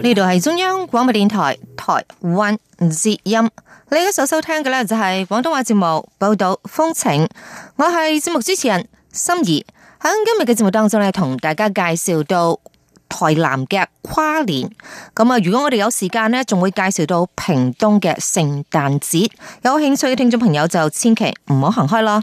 呢度係中央廣播電台台灣之音，你而家所收聽嘅呢，就係廣東話節目報道風情。我係節目主持人心儀，喺今日嘅節目當中呢，同大家介紹到台南嘅跨年。咁啊，如果我哋有時間呢，仲會介紹到屏東嘅聖誕節。有興趣嘅聽眾朋友就千祈唔好行開啦。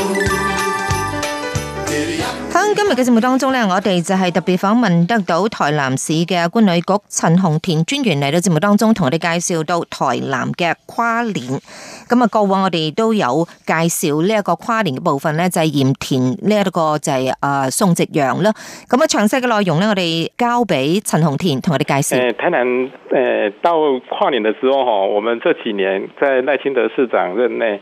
今日嘅節目當中呢，我哋就係特別訪問得到台南市嘅觀旅局陳洪田專員嚟到節目當中，同我哋介紹到台南嘅跨年。咁啊，過往我哋都有介紹呢一個跨年嘅部分呢，就係鹽田呢一個就係誒送夕陽啦。咁啊，詳細嘅內容呢，我哋交俾陳洪田同我哋介紹。誒，台南誒、呃，到跨年嘅時候，嗬，我們這幾年在賴清德市長任內。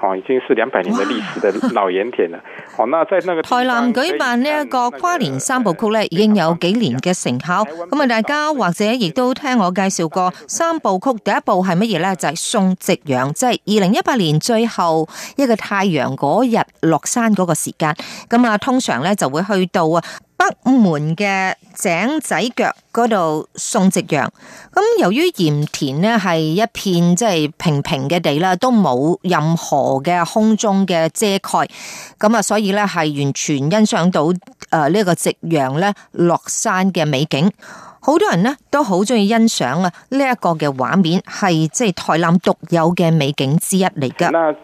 哦，已經是兩百年的歷史的老鹽田了。好，哇那在那個、那個、台南舉辦呢一個跨年三部曲咧，已經有幾年嘅成效。咁啊、嗯，那大家或者亦都聽我介紹過三部曲，第一部係乜嘢呢？就係、是、送夕陽，即係二零一八年最後一個太陽嗰日落山嗰個時間。咁啊，通常呢就會去到啊。北門嘅井仔腳嗰度送夕陽，咁由於鹽田咧係一片即係平平嘅地啦，都冇任何嘅空中嘅遮蓋，咁啊，所以咧係完全欣賞到誒呢個夕陽咧落山嘅美景。好多人呢都好中意欣賞啊呢一個嘅畫面，係即係台南獨有嘅美景之一嚟噶。那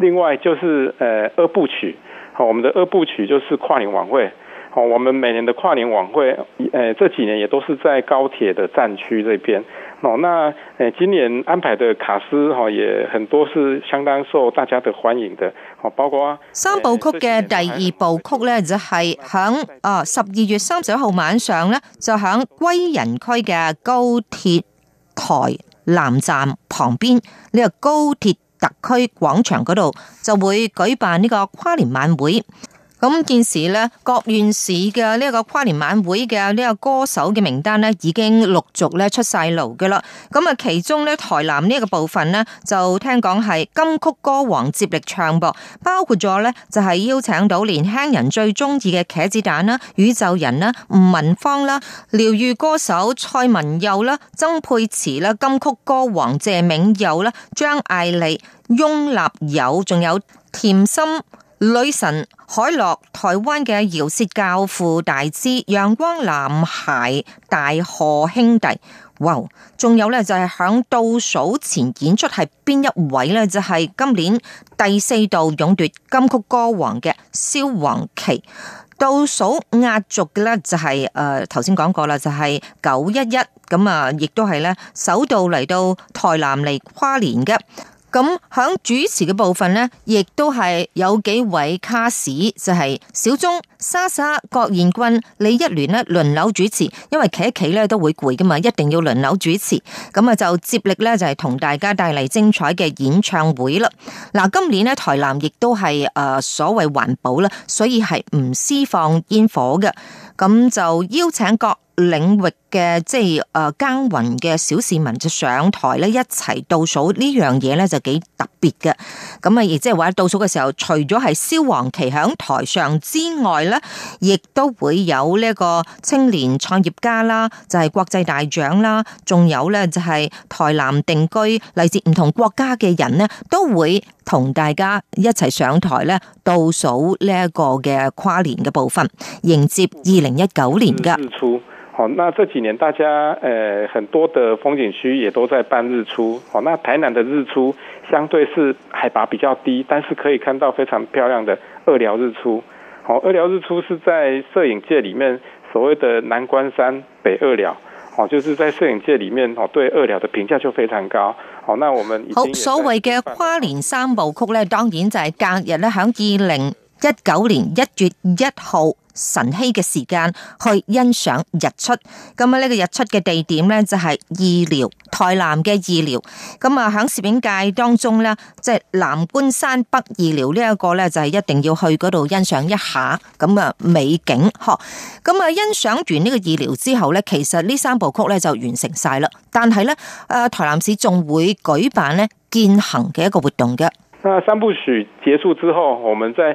另外就是誒二部曲，好，我們的二部曲就是跨年晚會。哦，我們每年的跨年晚會，誒，這幾年也都是在高鐵的站區這邊。哦，那誒今年安排的卡司，哈，也很多是相當受大家的歡迎的。好，包括三部曲嘅第二部曲咧，就係響啊，十二月三十一號晚上咧，就響歸仁區嘅高鐵台南站旁邊呢個高鐵特區廣場嗰度，就會舉辦呢個跨年晚會。咁現時呢，各縣市嘅呢個跨年晚會嘅呢個歌手嘅名單呢，已經陸續咧出晒爐嘅啦。咁啊，其中呢，台南呢個部分呢，就聽講係金曲歌王接力唱噃，包括咗呢，就係邀請到年輕人最中意嘅茄子蛋啦、宇宙人啦、吳文芳啦、療愈歌手蔡文佑啦、曾沛慈啦、金曲歌王謝銘佑啦、張艾麗、翁立友，仲有甜心。女神海樂，台灣嘅饒舌教父大支，陽光男孩大河兄弟，哇！仲有呢就係響倒數前演出係邊一位呢？就係、是、今年第四度勇奪金曲歌王嘅蕭煌奇。倒數壓軸嘅呢，就係誒，頭先講過啦，就係九一一咁，啊，亦都係呢首度嚟到台南嚟跨年嘅。咁喺主持嘅部分呢，亦都係有幾位卡士，就係小鐘、莎莎、郭彥君李一聯呢輪流主持，因為企一企咧都會攰噶嘛，一定要輪流主持。咁啊，就接力咧就係同大家帶嚟精彩嘅演唱會啦。嗱，今年呢，台南亦都係誒所謂環保啦，所以係唔施放煙火嘅。咁就邀請各領域。嘅即係誒耕耘嘅小市民就上台咧，一齊倒數呢樣嘢咧就幾特別嘅。咁啊，亦即係話倒數嘅時候，除咗係蕭煌奇響台上之外咧，亦都會有呢一個青年創業家啦，就係國際大獎啦，仲有咧就係台南定居嚟自唔同國家嘅人呢，都會同大家一齊上台咧倒數呢一個嘅跨年嘅部分，迎接二零一九年噶。好，那這幾年大家，呃很多的風景區也都在辦日出。好，那台南的日出相對是海拔比較低，但是可以看到非常漂亮的二寮日出。好，二寮日出是在攝影界裏面所謂的南關山北二寮。好，就是在攝影界裏面，哦，對二寮的評價就非常高。好，那我們已經好所謂嘅，跨年三部曲呢，當然就係隔日呢響二零。一九年一月一號晨曦嘅時間去欣賞日出，咁啊呢個日出嘅地點咧就係二寮台南嘅二寮，咁啊喺攝影界當中咧，即係南觀山北二寮呢一個咧就係一定要去嗰度欣賞一下咁啊美景，嗬！咁啊欣賞完呢個二寮之後咧，其實呢三部曲咧就完成晒啦，但係咧，誒台南市仲會舉辦咧健行嘅一個活動嘅。那三部曲結束之後，我們再。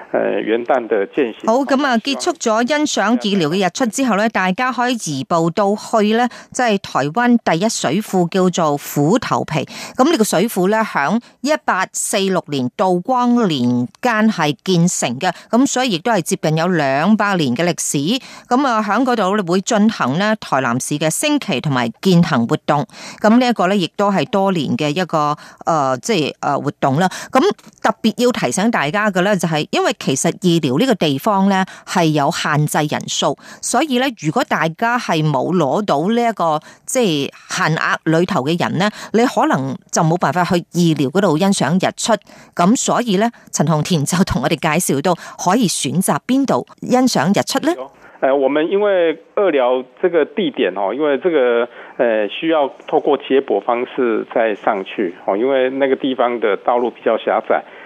誒，元旦嘅健行好，咁啊，結束咗欣賞二寮嘅日出之後咧，大家可以移步到去咧，即係台灣第一水庫叫做虎頭埤。咁呢個水庫咧，響一八四六年道光年間係建成嘅，咁所以亦都係接近有兩百年嘅歷史。咁啊，響嗰度會進行咧，台南市嘅升旗同埋健行活動。咁呢一個咧，亦都係多年嘅一個誒，即係誒活動啦。咁特別要提醒大家嘅咧，就係因為。其實二寮呢個地方呢係有限制人數，所以呢，如果大家係冇攞到呢一個即係限額裏頭嘅人呢，你可能就冇辦法去二寮嗰度欣賞日出。咁所以呢，陳洪田就同我哋介紹到可以選擇邊度欣賞日出呢？誒，我們因為二寮這個地點哦，因為這個誒需要透過接駁方式再上去哦，因為那個地方的道路比較狹窄。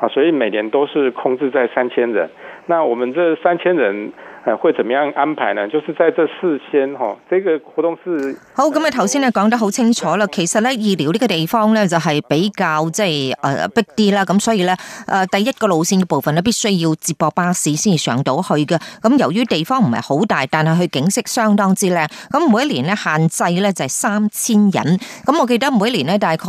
啊，所以每年都是控制在三千人。那我們這三千人，誒，會怎麼樣安排呢？就是在這四千，這個活動是好。咁啊，頭先呢講得好清楚啦。其實呢，二寮呢個地方呢，就係比較即係誒逼啲啦。咁所以呢，誒、呃，第一個路線嘅部分呢，必須要接駁巴士先至上到去嘅。咁由於地方唔係好大，但係佢景色相當之靚。咁每一年呢，限制呢就係三千人。咁我記得每一年呢，大概。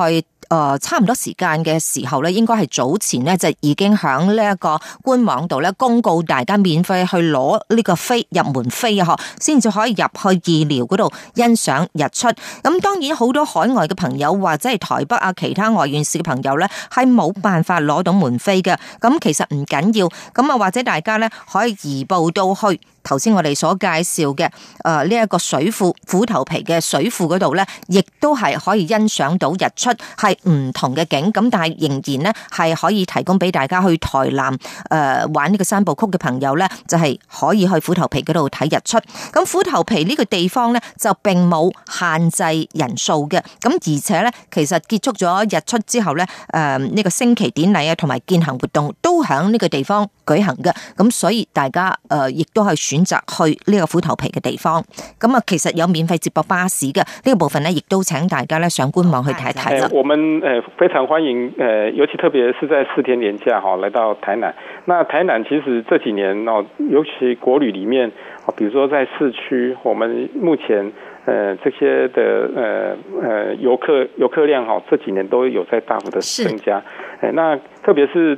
誒差唔多時間嘅時候咧，應該係早前咧就已經喺呢一個官網度咧公告大家免費去攞呢個飛入門飛啊，先至可以入去二寮嗰度欣賞日出。咁當然好多海外嘅朋友或者係台北啊、其他外縣市嘅朋友咧係冇辦法攞到門飛嘅。咁其實唔緊要，咁啊或者大家咧可以移步到去。頭先我哋所介紹嘅，誒呢一個水庫虎頭皮嘅水庫嗰度咧，亦都係可以欣賞到日出係唔同嘅景。咁但係仍然咧係可以提供俾大家去台南誒、呃、玩呢個三部曲嘅朋友咧，就係、是、可以去虎頭皮嗰度睇日出。咁虎頭皮呢個地方咧就並冇限制人數嘅。咁而且咧，其實結束咗日出之後咧，誒、呃、呢、這個升旗典禮啊，同埋健行活動都喺呢個地方舉行嘅。咁所以大家誒亦、呃、都係選擇去呢個虎頭皮嘅地方，咁啊，其實有免費接駁巴士嘅呢個部分呢，亦都請大家呢上官網去睇睇。我們非常歡迎，尤其特別是在四天連假哈來到台南。那台南其實這幾年，尤其國旅裏面，啊，比如說在市區，我們目前誒這些的誒誒遊客遊客量，哈，這幾年都有在大幅的增加。誒是，那特別是。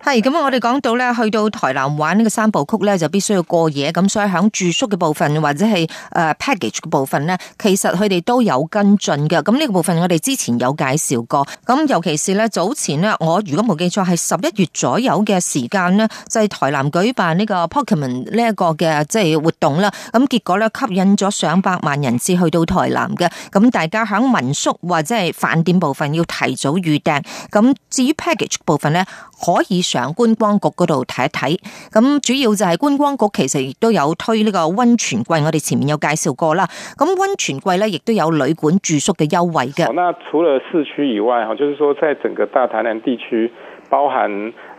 係咁我哋講到咧，去到台南玩呢個三部曲咧，就必須要過夜。咁所以喺住宿嘅部分或者係誒 package 嘅部分咧，其實佢哋都有跟進嘅。咁呢個部分我哋之前有介紹過。咁尤其是咧，早前咧，我如果冇記錯係十一月左右嘅時間呢，就係台南舉辦呢個 Pokemon 呢一個嘅即係活動啦。咁結果咧，吸引咗上百萬人次去到台南嘅。咁大家喺民宿或者係飯店部分要提早預訂。咁至於 package 部分咧，可。可以上觀光局嗰度睇一睇，咁主要就係觀光局其實亦都有推呢個溫泉季，我哋前面有介紹過啦。咁溫泉季呢，亦都有旅館住宿嘅優惠嘅。那除了市區以外，哈，就是說在整個大台南地區，包含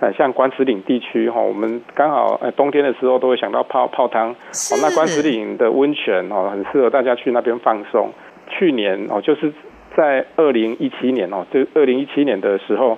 誒，像關子嶺地區，哈，我們剛好誒冬天嘅時候都會想到泡泡湯。是。哦，那關子嶺的溫泉哦，很適合大家去那邊放鬆。去年哦，就是在二零一七年哦，就二零一七年的時候。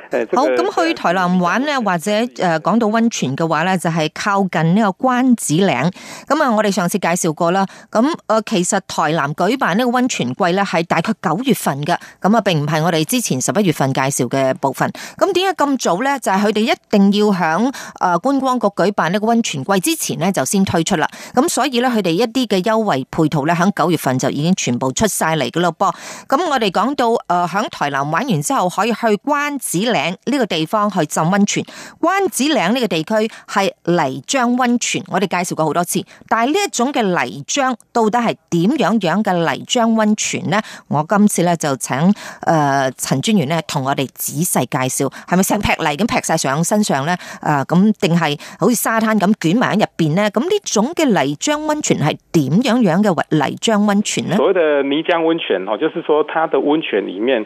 好咁去台南玩咧，或者誒講到温泉嘅話咧，就係靠近呢個關子嶺。咁啊，我哋上次介紹過啦。咁誒，其實台南舉辦呢個温泉季咧，係大概九月份嘅。咁啊，並唔係我哋之前十一月份介紹嘅部分。咁點解咁早咧？就係佢哋一定要響誒觀光局舉辦呢個温泉季之前咧，就先推出啦。咁所以咧，佢哋一啲嘅優惠配套咧，響九月份就已經全部出晒嚟嘅咯。噃咁我哋講到誒，響台南玩完之後，可以去關子嶺。呢個地方去浸溫泉，關子嶺呢個地區係泥漿溫泉，我哋介紹過好多次，但係呢一種嘅泥漿到底係點樣樣嘅泥漿溫泉呢？我今次呢，就請誒陳專員咧同我哋仔細介紹，係咪成劈泥咁劈晒上身上呢？誒咁定係好似沙灘咁捲埋喺入邊呢？咁呢種嘅泥漿溫泉係點樣樣嘅泥漿溫泉呢？所謂的泥漿溫泉哦，就是說它的溫泉裡面。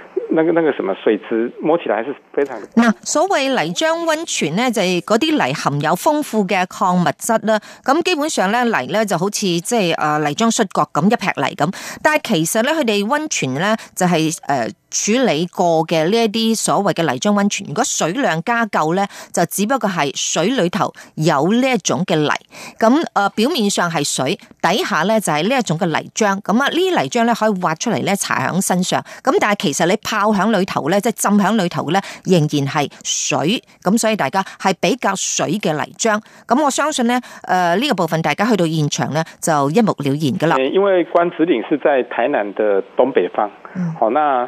那個那個什麼水質摸起來還是非常，那所謂泥漿温泉呢，就係嗰啲泥含有豐富嘅礦物質啦。咁基本上呢泥呢就好似即係啊泥漿摔角咁一劈泥咁。但係其實呢佢哋温泉呢就係，是，誒。呃處理過嘅呢一啲所謂嘅泥漿温泉，如果水量加夠呢，就只不過係水裏頭有呢一種嘅泥，咁誒表面上係水，底下呢就係呢一種嘅泥漿。咁啊呢泥漿呢可以挖出嚟呢，搽喺身上，咁但係其實你泡喺裏頭呢，即係浸喺裏頭呢，仍然係水。咁所以大家係比較水嘅泥漿。咁我相信呢，誒呢個部分大家去到現場呢，就一目了然噶啦。因為關子嶺是在台南的東北方，好那。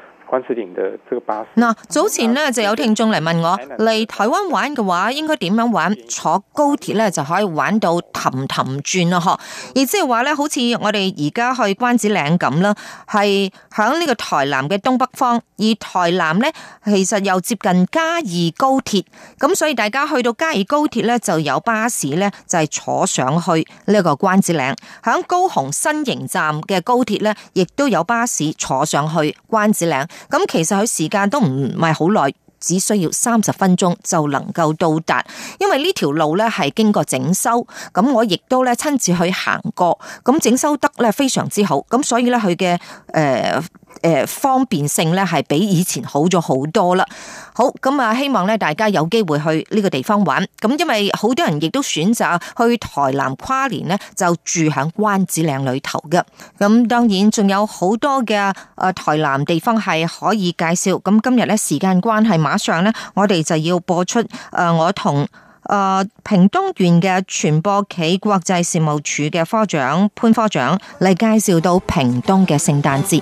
關子嶺嘅呢個巴士嗱，早前呢就有聽眾嚟問我，嚟台灣玩嘅話應該點樣玩？坐高鐵呢就可以玩到氹氹轉咯！嗬，亦即係話呢，好似我哋而家去關子嶺咁啦，係響呢個台南嘅東北方，而台南呢，其實又接近嘉義高鐵，咁所以大家去到嘉義高鐵呢就有巴士呢，就係坐上去呢個關子嶺，響高雄新營站嘅高鐵呢，亦都有巴士坐上去關子嶺。咁其實佢時間都唔係好耐，只需要三十分鐘就能夠到達，因為呢條路咧係經過整修，咁我亦都咧親自去行過，咁整修得咧非常之好，咁所以咧佢嘅誒、呃誒、呃，方便性咧係比以前好咗好多啦。好，咁啊，希望咧大家有機會去呢個地方玩。咁因為好多人亦都選擇去台南跨年呢就住響關子嶺裏頭嘅。咁當然仲有好多嘅誒，台南地方係可以介紹。咁今日呢時間關係，馬上呢我哋就要播出誒、呃，我同誒屏東縣嘅傳播暨國際事務處嘅科長潘科長嚟介紹到屏東嘅聖誕節。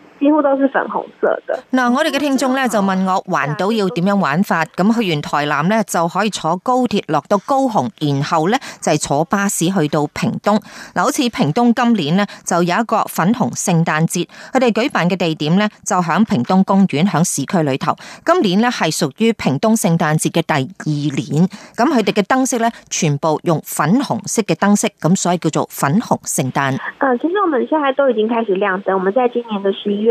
幾乎都是粉紅色的嗱，我哋嘅聽眾咧就問我環島要點樣玩法？咁去完台南呢，就可以坐高鐵落到高雄，然後呢，就係坐巴士去到屏東嗱，好似屏東今年呢，就有一個粉紅聖誕節，佢哋舉辦嘅地點呢，就響屏東公園響市區裏頭，今年呢，係屬於屏東聖誕節嘅第二年，咁佢哋嘅燈飾呢，全部用粉紅色嘅燈飾，咁所以叫做粉紅聖誕。其實我們現在都已經開始亮燈，我們在今年嘅十一月。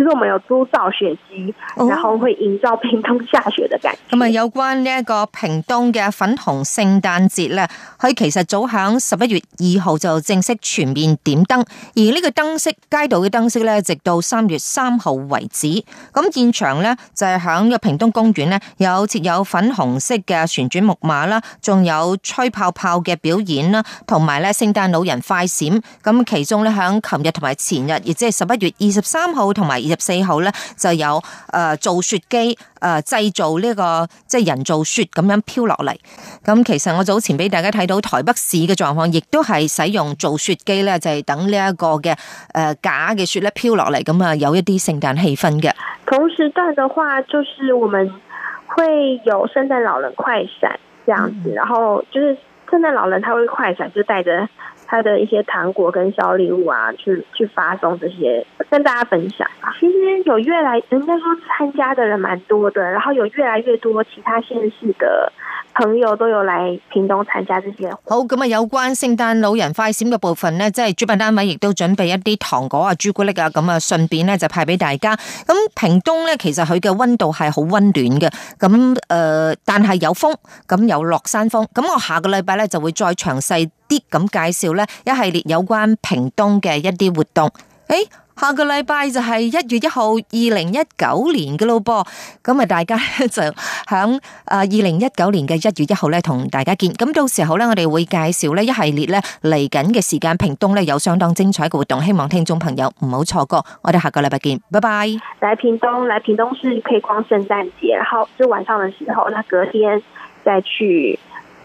如果我們有租造雪機，然後會營造屏東下雪嘅感覺。咁啊、哦，有關呢一個屏東嘅粉紅聖誕節咧，佢其實早響十一月二號就正式全面點燈，而呢個燈飾街道嘅燈飾咧，直到三月三號為止。咁現場咧就係響個屏東公園咧，有設有粉紅色嘅旋轉木馬啦，仲有吹泡泡嘅表演啦，同埋咧聖誕老人快閃。咁其中咧響琴日同埋前日，亦即係十一月二十三號同埋。入四號咧就有誒造雪機誒製造呢個即係人造雪咁樣飄落嚟。咁其實我早前俾大家睇到台北市嘅狀況，亦都係使用造雪機咧，就係等呢一個嘅誒假嘅雪咧飄落嚟，咁啊有一啲聖誕氣氛嘅。同時段嘅話，就是我們會有聖誕老人快閃，這樣子，然後就是聖誕老人他會快閃，就帶着。他的一些糖果跟小禮物啊，去去發送這些跟大家分享，其實有越來，人家說參加的人蠻多的，然後有越來越多其他縣市的朋友都有來屏東參加這些。好，咁啊，有關聖誕老人快閃嘅部分呢，即係主辦單位亦都準備一啲糖果啊、朱古力啊，咁啊，順便呢就派俾大家。咁屏東呢，其實佢嘅溫度係好溫暖嘅，咁誒、呃，但係有風，咁有落山風。咁我下個禮拜呢，就會再詳細。啲咁介紹咧，一系列有關屏東嘅一啲活動。誒，下個禮拜就係一月一號二零一九年嘅咯噃。咁啊，大家咧就響誒二零一九年嘅一月一號咧，同大家見。咁到時候咧，我哋會介紹咧一系列咧嚟緊嘅時間，屏東咧有相當精彩嘅活動，希望聽眾朋友唔好錯過。我哋下個禮拜見，拜拜。來屏東，來屏東市可以逛聖誕節，然後就晚上的時候，那隔天再去。